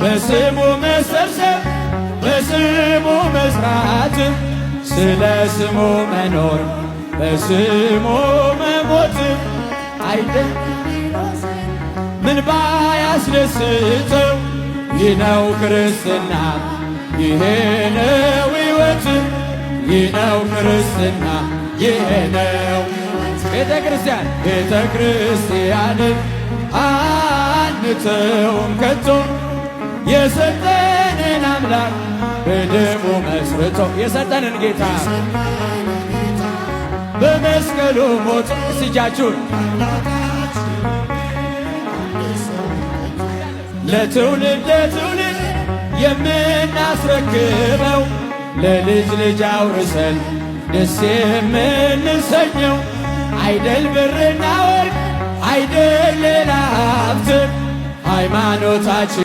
በስሙ መሰብሰብ በስሙ መስራት ስለ ስሙ መኖር በስሙ መሞት አይደ ምን ባያስደስተው ይህ ነው ክርስትና ይሄ ነው ሕይወት ይህ ነው ክርስትና ይሄ ነው ቤተ ክርስቲያን ቤተ ክርስቲያንን አንተውም ከቶ የሰጠንን አምላክ በደሙ መስርቶ የሰጠንን ጌታ በመስቀሉ ሞት ስጃችሁን ለትውልድ ለትውልድ የምናስረክበው ለልጅ ልጅ አውርሰን ደስ የምንሰኘው አይደል ብርና ወርቅ አይደል ሌላ ሀብት ሃይማኖታችን